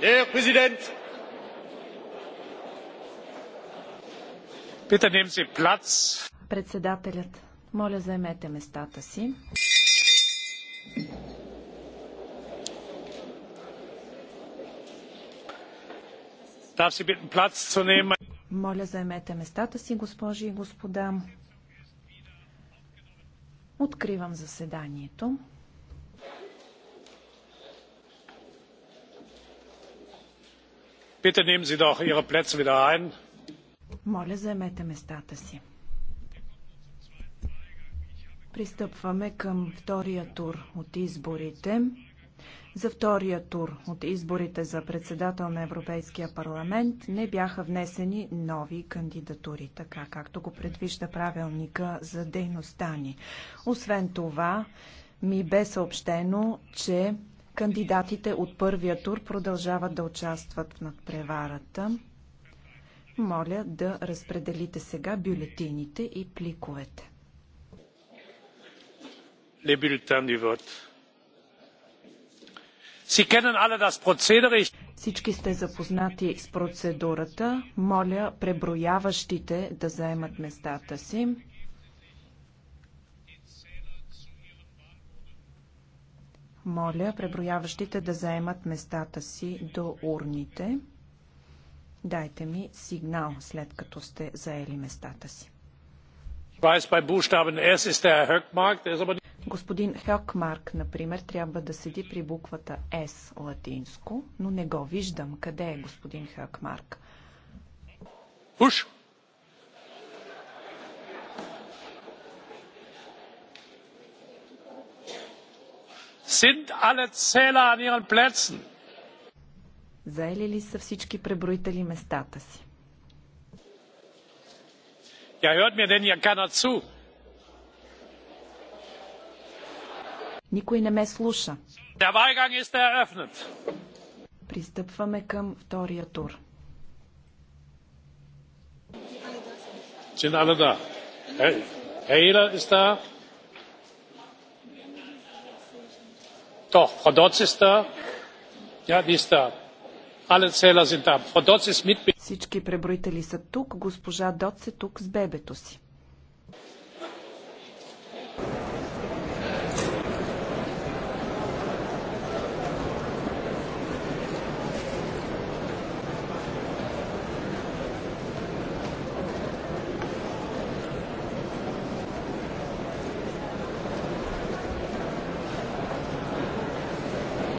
Herr Präsident! Bitte nehmen Sie Platz. Председателят, моля заемете местата си. Darf Sie bitten Platz zu nehmen? Моля заемете местата си, госпожи и господа. Откривам заседанието. Bitte nehmen Sie doch Ihre Plätze wieder ein. Моля, заемете местата си. Пристъпваме към втория тур от изборите. За втория тур от изборите за председател на Европейския парламент не бяха внесени нови кандидатури, така както го предвижда правилника за дейността ни. Освен това, ми бе съобщено, че Кандидатите от първия тур продължават да участват в надпреварата. Моля да разпределите сега бюлетините и пликовете. Всички сте запознати с процедурата. Моля преброяващите да заемат местата си. Моля преброяващите да заемат местата си до урните. Дайте ми сигнал, след като сте заели местата си. Господин Хелкмарк, например, трябва да седи при буквата С латинско, но не го виждам. Къде е господин Хелкмарк? Уш! Sind alle Zähler an ihren Plätzen? Заели ли са всички преброители местата си? Ja, hört mir denn hier keiner zu? Никой не ме слуша. Der Wahlgang ist eröffnet. Пристъпваме към втория тур. Sind alle da? Herr Ehler ist da. doch frau dodds ist da ja die ist da alle zähler sind da frau dodds ist mit Всички преброители са тук. Госпожа Доц е тук с бебето си.